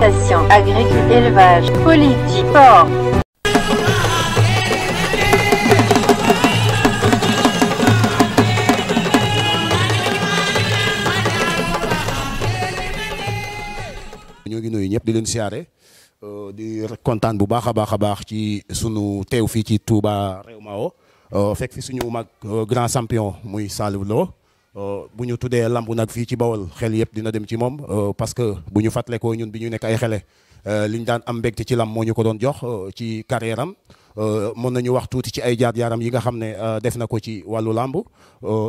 pêche, agricule, élevage, politique, port. ñoo ngi nuyu ñëpp di leen siyaare euh, di kontaan bu baax a baax ci sunu tew fi ci Touba euh fek fi suñu mag euh, grand champion muy Saliou Lo Euh, bu ñu tuddee lamb nag fii ci bawol xel yëpp dina dem ci moom euh, parce que bu ñu fàttale ko ñun bu ñu nekk ay xele euh, liñ daan am mbégte ci lamb moo ñu ko doon jox ci carrière am mën nañu wax tuuti ci ay jaar jaaram yi nga xam ne def na ko ci wàllu lamb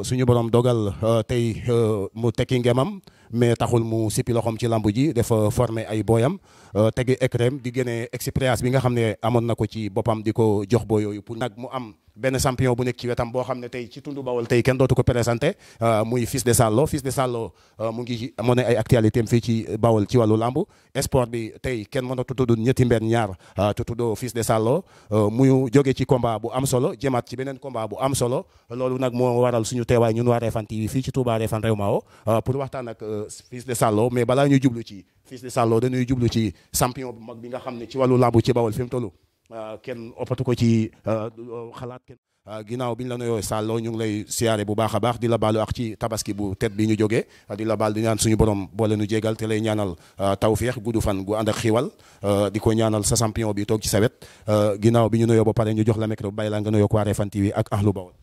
suñu borom dogal tey mu tekki ngemam mais taxul mu sippi loxoom ci lamb ji dafa formé ay booyam tegi écrème di gën expérience bi nga xam ne amoon na ko ci boppam di ko jox boo yooyu pour nag mu am benn champion bu nekk ci wetam boo xam ne tey ci tundu bawol tey kenn dootu ko présenté euh, muy Fils de Sallo Fils de Sallo euh, mu ngi moo ne ay actualité fii ci bawol ci wàllu lamb sport bi tey kenn mënatu ñetti mbenn ñaar euh, te tuddoo Fils de muy jóge ci combat bu am solo jëmaat ci beneen combat bu am solo loolu nag moo waral suñu teewaay ñun waa Refane TV fii ci Touba fan Réew Mao pour waxtaan ak Fils de Sallo mais balaa ñuy jublu ci Fils de Sallo dañuy jublu ci champion bu mag bi nga xam ne ci wàllu lamb ci bawol fi mu toll Ah, ken opatu ko ci xalaat ah, ken ah, ginaaw biñ la nuyoo sàlloo ñu ngi lay siyaare bu baax a baax di la baalu ak ci tabaski bu tet bi ñu jógee di la baal di ñaan suñu borom boole nu jégal te lay ñaanal tawféex gudd fan gu ànd ak xiwal di ko ñaanal sa champion bi toog ci sawet ginaaw ginnaaw bi ñu nuyoo ba pare ñu jox la micro bàyyi la nga nuyoo ko TV ak ahlu bawal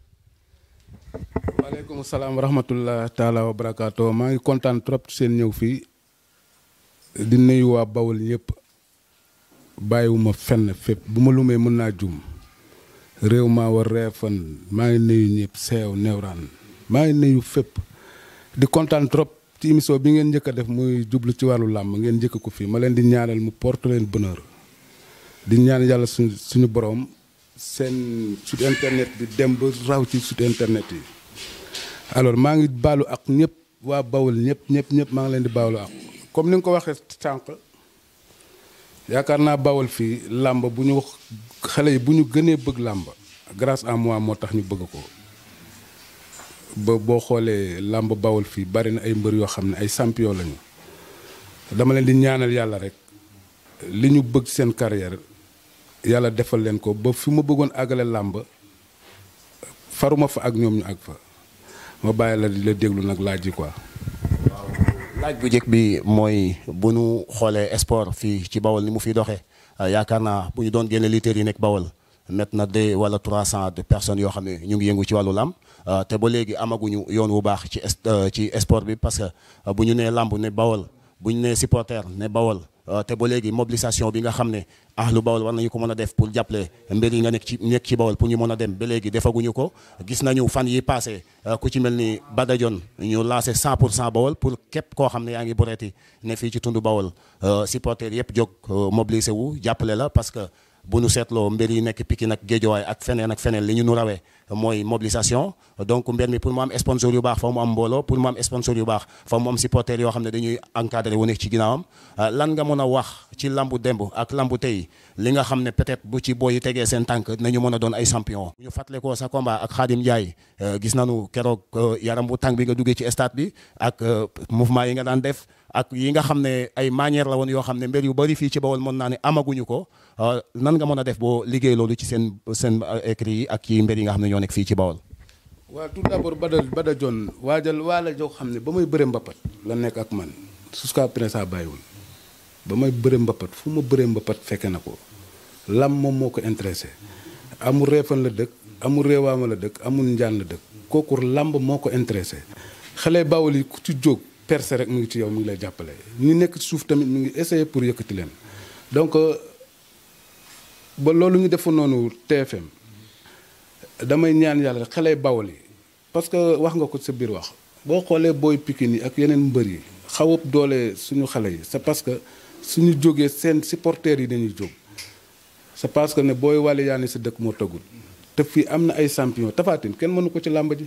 waaleykum salaam wa rahmatullah taala wa barakaatu maa ngi kontaan trop seen ñëw fii di nuyu waa bawul yëpp bàyyiwuma fenn fépp bu ma lumee mën naa juum réew maa war reefan maa ngi nuyu ñëpp seew newraan maa ngi nuyu fépp di kontaan trop ci émission bi ngeen njëkk a def muy jublu ci wàllu làmb ngeen njëkk ko fii ma leen di ñaanal mu porte leen bonheur di ñaan yàlla suñu suñu borom seen site internet bi dem ba raw ci site internet yi alors maa ngi baalu ak ñëpp waa bawul ñëpp ñëpp ñëpp maa ngi leen di baalu ak comme ni nga ko waxee sànq yaakaar naa bawal fii làmb bu ñu xale yi bu ñu gënee bëgg làmb grâce à moi moo tax ñu bëgg ko ba boo xoolee làmb bawal fii bari na ay mbër yoo xam ne ay champion lañu dama leen di ñaanal yàlla rek li ñu bëgg seen carrière yàlla defal leen ko ba fi ma bëggoon àggale làmb faruma fa ak ñoom ñu àgg fa ma bàyyi la di la déglu nag laaj yi quoi. laaj bu njëkk bi mooy bu nu xoolee sport fii ci bawol ni mu fi doxee euh, yaakaar naa bu ñu doon génne lutteurs yi nekk bawol met na deux wala trois cent de personnes yoo xam ne ñu ngi yëngu ci wàllu lam euh, te ba léegi amaguñu yoon wu baax ci euh, ci sport bi parce que bu ñu nee làmb ne bawol bu ñu nee supporter ne bawol Euh, te ba léegi mobilisation bi nga xam ne ahlu bawol war nañu ko mën a def pour jàppale mbir yi nga nekk ci nekk ci bawol pour ñu mën a dem ba léegi defaguñu ko gis nañu fan yi passé euh, ku ci mel ni Badajon ñu lancé cent pour cent bawol pour képp koo xam ne yaa ngi boreeti ne fii ci tund bawol euh, supporter yëpp jog mobilisé wu jàppale la parce que bu nu seetloo mbir yi nekk Pikine ak Géejawaay ak feneen ak feneen li ñu nu rawee mooy mobilisation donc mbir mi pour mu am sponsor yu baax fa mu am mbooloo pour mu am sponsor yu baax fa mu am yoo xam ne dañuy encadré wu nekk ci ginnaawam euh, lan nga mën a wax ci lambu demb ak lambu tey li nga xam ne peut-être bu ci booy tegee seen tànk nañu mën a doon ay champion ñu fàttale ko sa combat ak Khadim Ndiaye euh, gis nañu keroog euh, yaram bu tànk bi nga duggee ci stade bi ak mouvement yi nga daan def ak yi nga xam ne ay manière la woon yoo xam ne mbir yu bari fii ci Bawol mën naa ne amaguñu ko euh, nan nga mën a def boo liggéey loolu ci seen seen euh, écrit yi ak yi mber yi nga xam ne ñoo nekk fii ci Bawol waaw tout d'abord Bada Bada John waajal waala joo xam ne ba may bëre mbapat la nekk ak man jusqu'à présent bàyyiwul ba may bëre mbapat fu ma bëre mbapat fekke na ko lam moom moo ko intéressé amul reefan la dëkk amul réewaama la dëkk amul njaan la dëkk kooku lamb moo ko intéressé xale Bawol yi ci jóg percé rek mu ngi ci yow mu ngi lay jàppale ñu nekk ci suuf tamit mu ngi essayé pour yëkkati leen donc euh, ba loolu ñu defoon noonu TFM damay ñaan yàlla xale bawal yi parce que wax nga ko sa biir wax boo xoolee booy Pikine yi ak yeneen mbër yi xaw a doole suñu xale yi c'est parce que suñu jógee seen supporters yi dañuy jóg c'est parce que ne booy wàlle yaa sa dëkk moo tëggul te fii am na ay champion Tapha kenn mënu ko ci làmb ji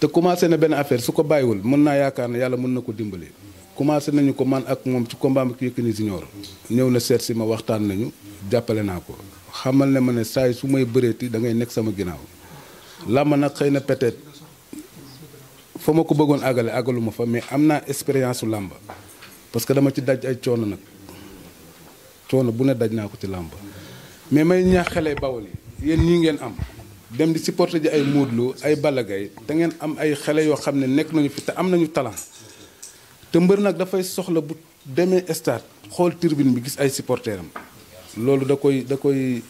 te commencé na benn affaire su ko bàyyiwul mën naa yaakaar ne yàlla mën na ko dimbali. commencé nañu ko man ak moom ci combat ak Yékini Junior ñëw na seet si ma waxtaan nañu jàppale naa ko xamal ne ma ne saay su may bëreeti da ngay nekk sama ginnaaw làmb nag xëy na peut-être fa ma ko bëggoon àggale àggalu fa mais am naa expérience su làmb parce que dama ci daj ay coono nag coono bu ne daj naa ko ci làmb mais may ñaax xale bawol yi yéen ñii ngeen am dem di supporter ji ay Modou Lo ay balagay Gaye da ngeen am ay xele yoo xam ne nekk nañu fi te am nañu talent te mbër nag dafay soxla bu demee stade xool tirbine bi gis ay supporteram loolu da koy da koy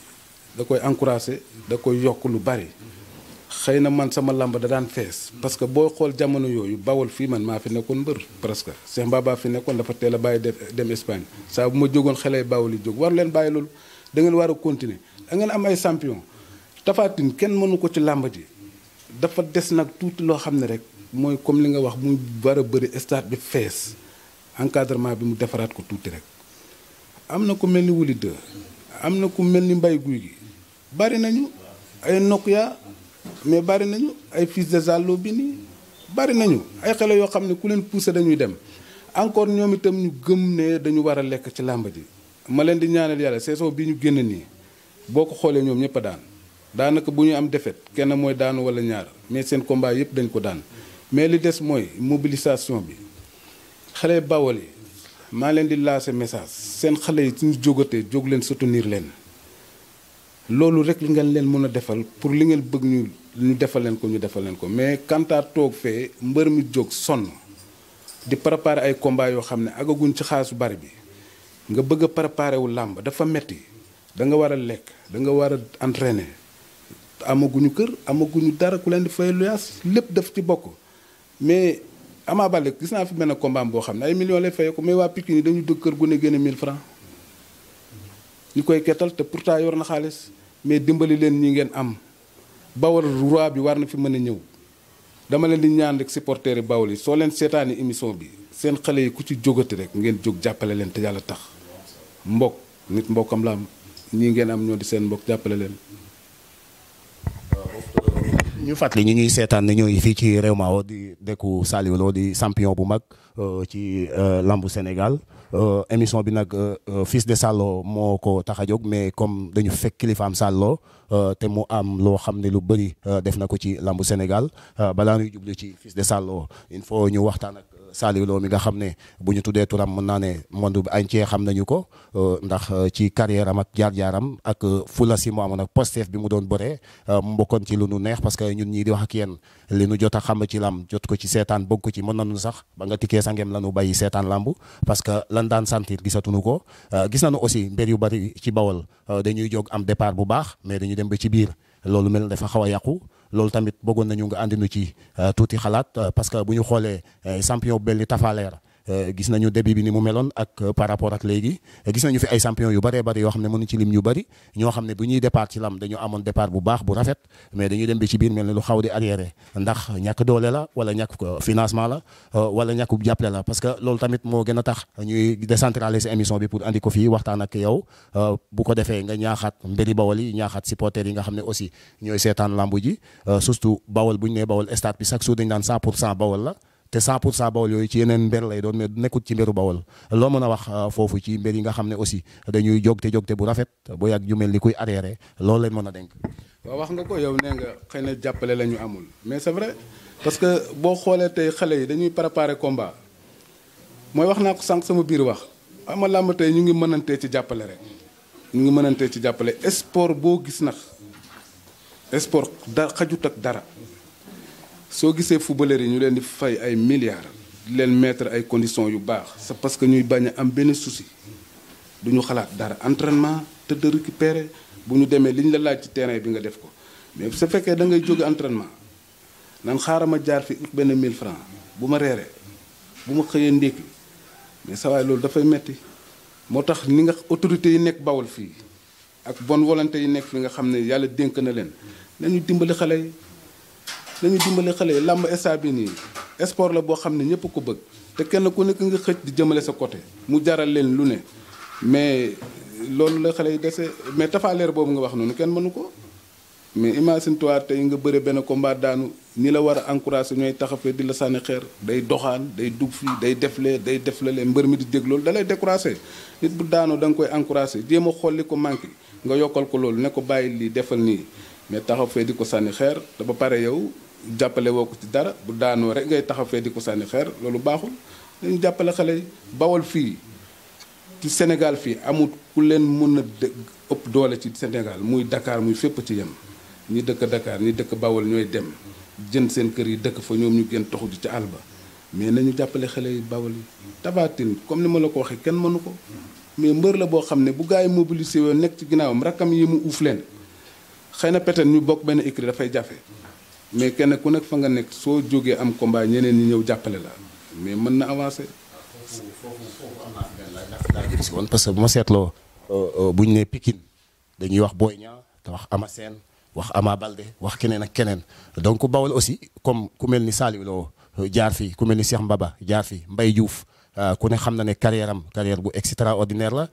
da koy encouragé da koy yokk lu bari xëy na man sama làmb da daan fees parce que boo xool jamono yooyu bawol fii man maa fi nekkoon mbër presque Cheikh Mbaba fi nekkoon dafa teel a bàyyi dem Espagne saa bu ma jógoon xele yi bawol yi jóg war leen bàyyi loolu da ngeen war a continuer da ngeen am ay champion tafaatin kenn mënu ko ci làmb ji dafa des nag tuuti loo xam ne rek mooy comme li nga wax mu war a bëri stade bi fees encadrement bi mu defaraat ko tuuti rek am na ko mel ni Wuli Deux am na ku mel ni Mbay Guy gi bari nañu ay Nokia mais bari nañu ay fils de Zallo bi nii bari nañu ay xale yoo xam ne ku leen poussé dañuy dem encore ñoom itam ñu gëm ne dañu war a lekk ci làmb ji ma leen di ñaanal yàlla saison bi ñu génn nii boo ko xoolee ñoom ñëpp a daan daanaka bu ñu am defet kenn mooy daanu wala ñaar mais seen combat yëpp dañ ko daan mais li des mooy mobilisation bi xale bawal yi maa leen di lancé message seen xale yi suñu jógatee jóg leen soutenir leen loolu rek li ngeen leen mën a defal pour li ngeen bëgg ñu ñu defal leen ko ñu defal leen ko mais kantaar toog fee mbër mi jóg sonn di préparer ay combat yoo xam ne agaguñ ci xaasu bari bi nga bëgg a préparer wu làmb dafa metti da nga war a lekk da nga war a entraîner amaguñu kër amaguñu dara ku leen di fay luyaas lépp daf ci bokk mais Ama Baldé gis naa fi benn combat boo xam ne ay millions lay fayee ko mais waa Pikine yi dañu dëkk kër gu ne génne 1000 francs ñu koy kettal te pourtant yor na xaalis mais dimbali leen ñi ngeen am bawal roi bi war na fi mën a ñëw dama leen di ñaan rek supporters yi bawal yi soo leen seetaani émission bi seen xale yi ku ci jógati rek ngeen jóg jàppale leen te yàlla tax mbokk nit mbok la am ñii ngeen am ñoo di seen mbokk jàppale leen ñu fàttali ñu ñuy seetaan ne ñooy fii ci réew maawo di dëkku Saliou di champion bu mag euh, ci euh, lambu Sénégal euh, émission bi nag fils de Salo moo ko tax a jóg mais comme dañu fekk kilifaam Salo te mu am loo xam ne lu bëri def na ko ci lambu Sénégal balaa ñuy jublu ci fils de sallo il faut ñu waxtaan ak Saliou Lo mi nga xam ne bu ñu tuddee turam mën naa ne monde bi entier xam nañu ko euh, ndax euh, ci carrière am ak jaar-jaaram ak euh, fula si mu amoon ak postef bi mu doon bëree mbokkoon ci lu nu neex parce que ñun ñii di wax ak yéen li nu jot a xam ci lam jot ko ci seetaan bëgg ko ci mën nañu sax ba nga tikkee sangeem la nu bay seetaan lamb parce que lan daan sentir gisatuñu ko gis nañu aussi mbir yu bari ci bawol dañuy jóg am départ bu baax mais dañuy dem ba ci biir loolu mel dafa xaw a yàqu loolu tamit bëggoon nañu nga àndinu ci euh, tuuti xalaat euh, parce que bu ñu xoolee euh, champion bu mel ni Tapha Eh, gis nañu début bi ni mu meloon ak euh, par rapport ak léegi eh, gis nañu fi ay champion yu bëree bëri yoo xam ne mënu ci lim ñu bari ñoo xam ne bu ñuy départ ci lam dañu amoon départ bu baax bu rafet mais dañuy dem bi ci biir mel ne lu xaw di arrière ndax ñàkk doole la wala ñàkk financement la euh, wala ñàkk jàppale la parce que loolu tamit moo gën a tax ñuy décentraliser émission bi pour andi ko fii waxtaan ak yow euh, bu ko defee nga ñaaxaat mbiri bawal yi ñaaxaat supporters yi nga xam aussi ñooy seetaan lambu ji surtout bawal bu ñu nee bawal stade bi chaque jour dañ daan 100 la te 100 pour cent bawol yooyu ci yeneen mbir lay doon mais nekkut ci mbiru bawol loo mën a wax euh, foofu ci mbir yi nga xam ne aussi dañuy jogte jogte bu rafet bu yàgg ju ni kuy arrière loolu leen mën a dénk. waaw wax nga yow nee nga xëy na jàppale la ñu amul mais c'est vrai parce que boo xoolee tey xale yi dañuy préparer combat mooy wax naa ko sànq sama biir wax amal làmb tey ñu ngi mënantee ci jàppale rek ñu ngi mënantee ci jàppale sport boo gis nag sport da xajut ak dara. soo gisee footballeur yi ñu leen di fay ay milliards di leen mettre ay conditions yu baax sa parce que ñuy bañ a am benn souci du ñu xalaat dara entraînement te de récupérer bu ñu demee li ñu la laaj ci terrain bi nga def ko mais su fekkee dangay ngay jóge entraînement nan xaaral ma jaar fi ut benn mille francs bu ma reere bu ma xëyee ndékki mais sa waay loolu dafay metti moo tax ni nga autorités yi nekk bawal fii ak bonne volonté yi nekk fi nga xam ne yàlla dénk na leen nañu dimbali xale yi nañu dimbale xale yi làmb stade bi nii sport la boo xam ne ñëpp ko bëgg te kenn ku nekk nga xëj di jëmale sa côté mu jaral leen lu ne mais loolu la xale yi dese mais tafaaleer boobu nga wax noonu kenn mënu ko mais imagine te tey nga bëre benn ko combat daanu ñi la war a encouragé ñooy taxafee di la sànni xeer day doxaan day dugg fii day deflee day deflale mbër mi di dégg loolu da lay découragé nit bu daanoo da nga koy encouragé jéem a xolli li ko manqué nga yokkal ko loolu ne ko bàyyi lii defal nii mais taxaw fee di ko sànni xeer te ba pare yow jàppale woo ko ci dara bu daanoo rek ngay taxaw fee di ko sànni xeer loolu baaxul dañu jàppale xale yi bawal fii ci Sénégal fii amul ku leen mën a dë ëpp doole ci Sénégal muy Dakar muy fépp ci yem ñi dëkk Dakar ñi dëkk bawal ñooy dem jën seen kër yi dëkk fa ñoom ñu gën toxu ci ca àll ba mais nañu jàppale xale yi bawal yi tabaatin comme ni ma la ko waxee kenn mënu ko mais mbër la boo xam ne bu gars yi mobilisé woon nekk ci ginnaawam rakkam yi mu uuf leen xëy na peut ñu bokk benn écrit dafay jafe mais kenn ku nekk fa nga nekk soo jógee am combat ñeneen ñi ñëw jàppale la mais mën na avancer. foofu foofu parce que bu ma seetloo euh, euh, bu ñu nee Pikine dañuy wax booy Niang te wax am a Sène wax Ama Baldé wax keneen ak keneen donc Bawol aussi comme ku mel ni Saliou euh, jaar fi ku mel ni Cheikh Mbaba jaar fi Mbaye Diouf. ku ne xam na ne carrière am carrière bu ordinaire la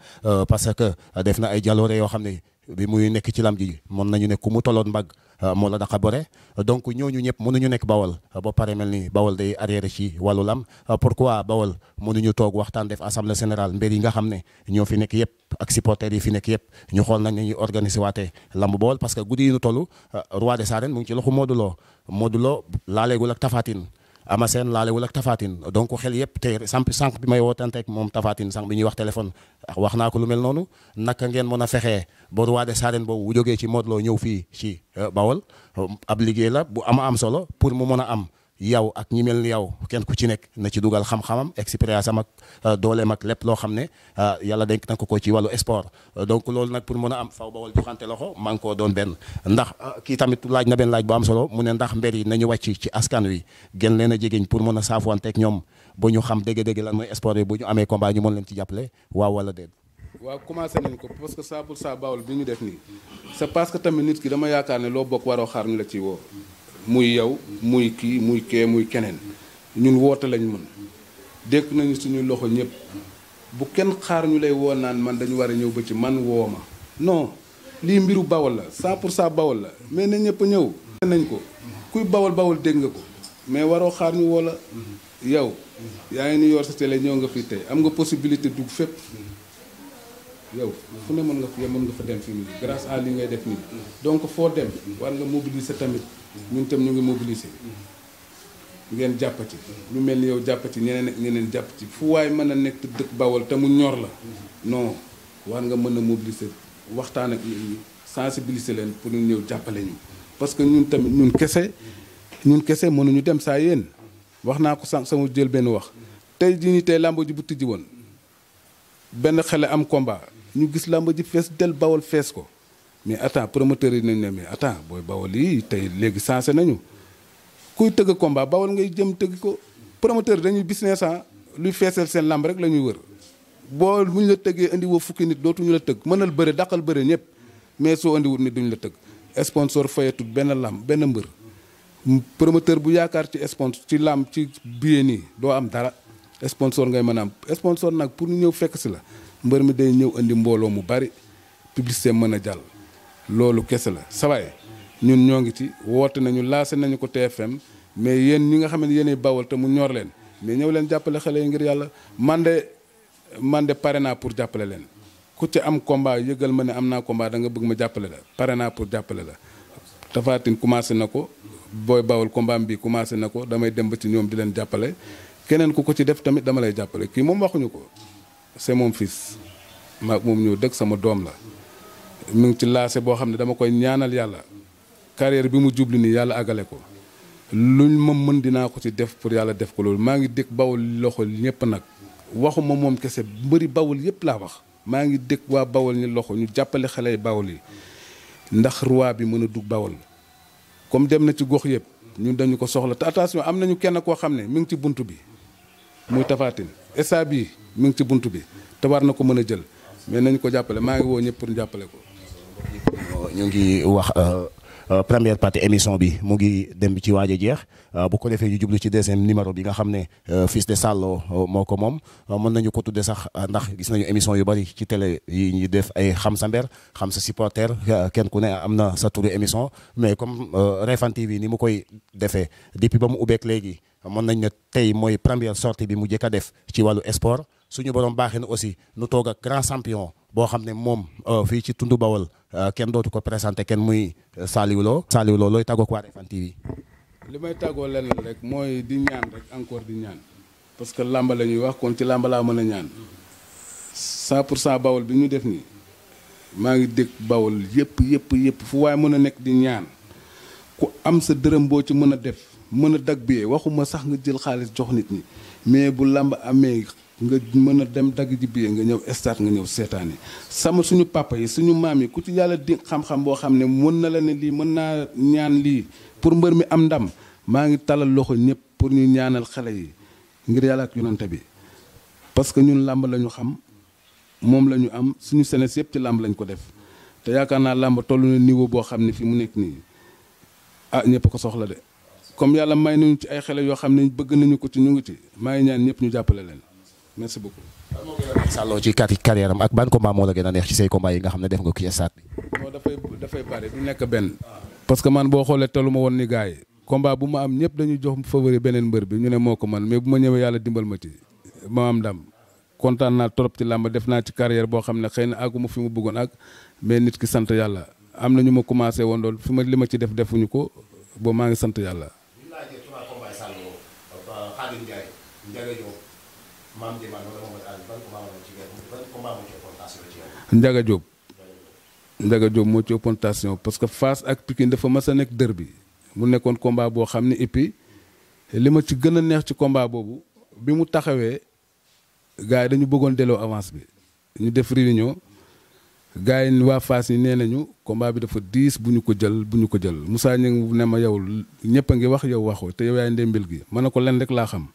parce que def na ay jaloore yoo xam ne bi muy nekk ci lam ji mën nañu ne ku mu toloon mbagg ah, moo la daqa bore donc ñooñu ñëpp mënuñu nekk bawal ba pare mel ni bawal day arrière ci wàllu lam ah, pourquoi bawal ñu toog waxtaan def assemblée générale mbir yi nga xam ne ñoo fi nekk yëpp ak supporters yi fi nekk yëpp ñu xool nañ ñuy organiser waatee lamb bawal parce que guddi yi ñu toll ah, roi des arènes mu ngi ci loxo Modou Lo Modou Lo laaleegul ak Tapha Ama seen laalewul ak Tapha Tine donc xel yëpp tey samp bi may wootante ak moom Tapha Tine sànq bi ñuy wax téléphone ah, wax naa ko lu mel noonu naka ngeen mën a fexee ba roi des arènes boobu bu jógee ci Modou Lo ñëw fii ci euh, Bawol ab liggéey la bu ama am solo pour mu mën a am yow ak ñi mel ni yow kenn ku ci nekk na ci dugal xam-xamam expérience am ak euh, dooleem ak lépp loo xam ne euh, yàlla denk na ko ko ci wàllu sport donc loolu nag pour mën a am faw bawal joxante loxo maa ko doon benn ndax euh, ki tamit laaj na benn laaj bu am solo mu ne ndax mbir yi nañu wàcc ci askan wi gën leen a jegeñ pour mën a saafuwanteeg ñoom boo ñu xam dégg-dégg lan mooy sport yi bu ñu amee combat ñu mën leen ci jàppale waaw wala déet. waaw commencé nañ ko parce que ça pour ça bawal bi ñu def nii c'est parce que tamit nit ki dama yaakaar ne loo bokk waroo xaar la woo muy yow muy kii muy kee muy keneen ñun woote lañ mën dékk nañu suñu loxo ñëpp bu kenn xaar ñu lay woo naan man dañu war a ñëw ba ci man woo ma non lii mbiru bawal la saa pour saa bawal la mais ne ñëpp ñëw nañ ko kuy bawal bawal dégg nga ko mais waroo xaar ñu woo la yow yaa ngi ni yor sa télé ñëw nga fi tey am nga possibilité dugg fépp yow fu ne mën nga fi mën nga fa dem fi nii grace à li ngay def nii donc foo dem war nga mobiliser tamit ñun tam ñu ngi mobiliser ngeen jàpp ci lu mel ni yow jàppati ñeneen ak ñeneen jàppati fu waay mën a nekk dëkk Bawol te mu ñor la non war nga mën a mobiliser waxtaan ak nit sensibiliser leen pour ñu ñëw jàppale ñu parce que ñun tamit ñun kese ñun kese mënuñu dem saa yéen wax naa ko sànq sama jël benn wax tey jii nii tey làmb ji bu tijji woon benn xele am combat ñu gis làmb ji fees del Bawol fees ko mais attends promoteur yi nañ ne mais attends booy bawal lii tey léegi sensé nañu kuy tëgg combat bawal ngay jëm tëgg ko promoteur dañuy business ah luy feesal seen lamb rek la ñuy wër boo bu ñu la tëggee indi woo fukki nit dootuñu la tëgg mënal bëre daqal bëre ñëpp mais soo andiwul nit duñu la tëgg sponsor fayatul benn lamb benn mbër promoteur bu yaakaar ci sponsor ci lamb ci billet nii doo am dara sponsor ngay mën a am sponsor nag pour ñu ñëw fekk si la mbër mi day ñëw indi mbooloo mu bari publicité mën a jàll loolu kese la sawaay ñun ñoo ngi ci woote nañu laase nañu ko TFM mais yéen ñi nga xam ne yéenay bawal te mu ñor leen mais ñëw leen jàppale xale yi ngir yàlla man de man de pare naa pour jàppale leen ku ci am combat yëgal ma ne am naa combat da nga bëgg ma jàppale la pare naa pour jàppale la Tapha Tine commencé na ko booy bawal combat bii commencé na ko damay dem ba ci ñoom di leen jàppale keneen ku ko ci def tamit dama lay jàppale kii moom waxuñu ko c'est mon fils maag moom ñëw dëkk sama doom la mu ngi ci lancé boo xam ne dama koy ñaanal yàlla carrière bi mu jublu nii yàlla àggale ko lu ma mën dinaa ko ci def pour yàlla def ko loolu maa ngi dégg bawul loxo ñëpp nag waxuma moom kese mbëri bawul yëpp laa wax maa ngi dégg waa bawul ñi loxo ñu jàppale xale yi bawul yi ndax ruwaa bi mën a dugg bawul comme dem na ci gox yëpp ñun dañu ko soxla te attention am nañu kenn koo xam ne mi ngi ci bunt bi muy tafaatin esa bii mi ngi ci bunt bi te war na ko mën a jël mais nañu ko jàppale maa ngi woo ñëpp jàppale ko ñu ngi wax euh, euh, première partie émission bi mo ngi dem ci waaj a jeex euh, bu ko defee ñu jublu ci deuxième numéro bi nga xamné ne fils de Sallo moo ko moom mën nañu ko tudde sax ndax gis nañu émission yu bari ci télé yi ñi def ay xam sa mber xam sa supporter kenn ku né amna sa turu émission mais comme Refan TV ni mu koy défé depuis ba mu ubbeek léegi mën nañ ne tay moy première sortie bi mu jëkk a def ci walu sport suñu borom baaxee aussi nu toog grand champion bo xamné mom moom fii ci tundu bawol Euh, kenn dootu ko présenté kenn muy euh, Saliou Lo looy tàggoo ko waa Refane li may tàggoo lenn rek mooy di ñaan rek encore di ñaan parce que làmba la ñuy wax koon ci làmba laa mën a ñaan 100 pour cent bawol bi ñu def nii maa ngi dégg bawol yëpp yëpp yëpp fu waaye mën a nekk di ñaan ku am sa dërëm boo ci mën a def mën a dag biyee waxuma sax nga jël xaalis jox nit ñi mais bu làmb amee nga mën a dem dagg ji billet nga ñëw stade nga ñëw seetaani sama suñu pàppa yi suñu maam yi ku ci yàlla di xam-xam boo xam ne mën na la ne lii mën naa ñaan lii pour mbër mi am ndam maa ngi talal loxo ñëpp pour ñu ñaanal xale yi ngir yàlla ak yonante bi parce que ñun làmb lañu xam moom la ñu am suñu senes yëpp ci làmb lañ ko def te yaakaar naa làmb toll na niveau boo xam ne fi mu nekk nii ah ñëpp ko soxla de comme yàlla may nañu ci ay xele yoo xam ne bëgg nañu ko ci ñu ngi maa ngi ñaan ñëpp ñu jàppale leen merci beaucoup. sàlloo ci kat carrière ak ban combat moo la gën a neex ci say combat yi nga xam ne def nga ko ci stade bi. non dafay dafay bari du nekk benn. parce que man boo xoolee talu ma woon ni gars yi. combat bu ma am ñëpp dañuy jox favori beneen mbër bi ñu ne moo ko man mais bu ma ñëwee yàlla dimbal ma ci ma am ndam kontaan naa trop ci làmb def naa ci carrière boo xam ne xëy na àgguma fi mu bëggoon ak mais nit ki sant yàlla am na ñu ma commencé woon doon fi ma li ma ci def defuñu ko ba maa ngi sant yàlla. maam Demba wala Mamadou Aliou moo ci gën ban combat parce que Fass ak Pikine dafa mas a nekk dër bi mu nekkoon combat boo xam ne et puis li ma ci gën a neex ci combat boobu bi mu taxawee gars yi dañu bëggoon delloo avance bi ñu def réunion gars yi waa Fass yi nee nañu combat bi dafa diis bu ñu ko jël bu ñu ko jël Moussa Niang ne ma yow ñëpp a ngi wax yow waxoo te yow yaay ndémbil gi ma ne ko leen rek laa xam.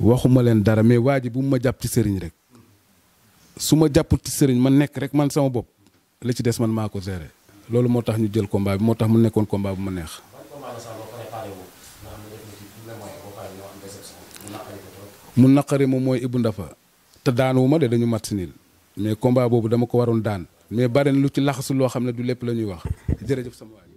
waxuma leen dara mais waa ji bu ma jàpp ci sëriñ rek su ma jàppul ci sëriñ ma nekk rek man sama bopp li ci des man maa ko géré loolu moo tax ñu jël combat bi moo tax mu nekkoon combat bu ma neex. mu naqari moom mooy Ibou Ndafa te daanuwu ma de dañu matt si niil mais combat boobu dama ko waroon daan mais bare na lu ci laxasu loo xam ne du lépp la ñuy wax jërëjëf sama waay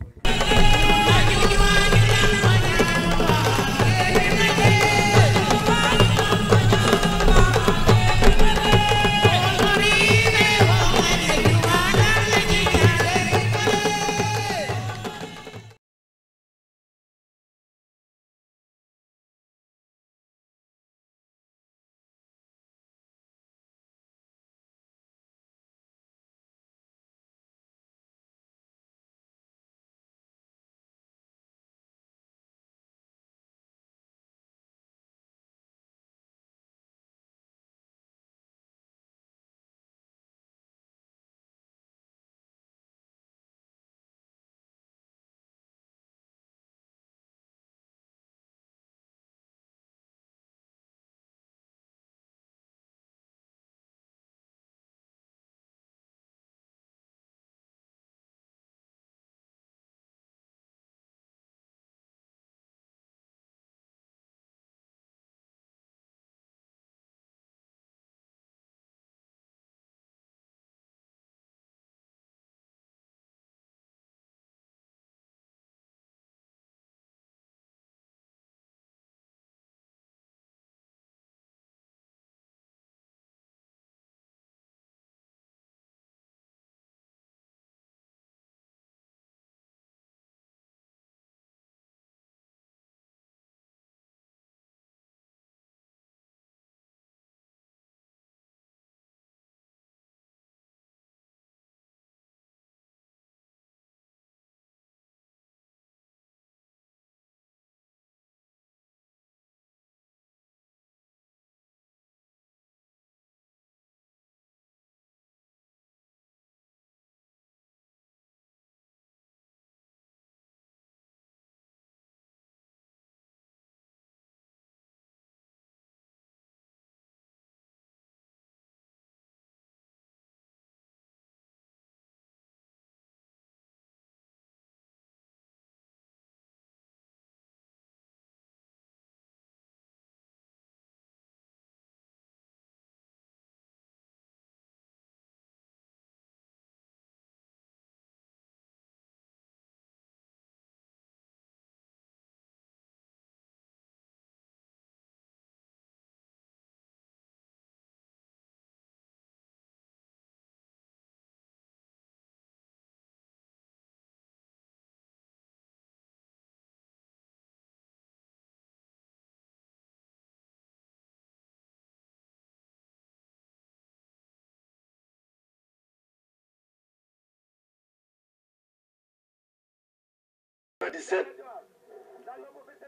2017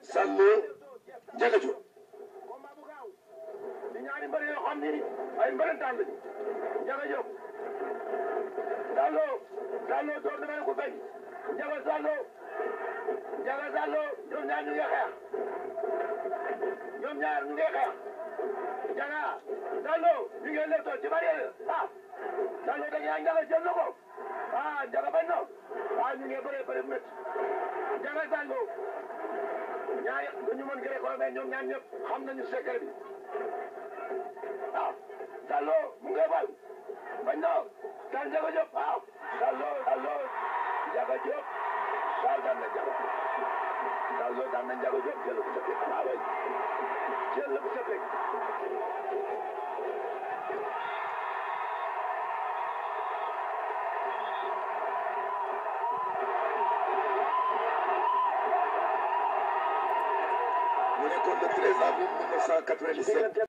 Sane Ndiaga Diop ñaari mbër yoo xam ay mbër daan lañu Ndiaga Diop Dallo Dallo door na ma ko bañ Ndiaga Dallo Ndiaga Dallo ñoom ñaar ñu ngi xeex ñoom ñaar ñu ngi xeex Ndiaga Dallo ñu ngi leen toog ci bari ah Dallo dañuy ko ah Ndiaga bañ na ah ñu ngi bëree bëri métti Ndiaga Sango ñaari ñu mën gërëm ko mais ñoom ñaar xam nañu secret bi ah Sango mu ngi bal bañ na Sall Ndiaga Diop ah Sango Sango Ndiaga Diop Sall daan na Ndiaga Diop Sango daan na Ndiaga Diop jël ko sa bëgg ah oui jël ko sa nekkoon le 13 avril 1997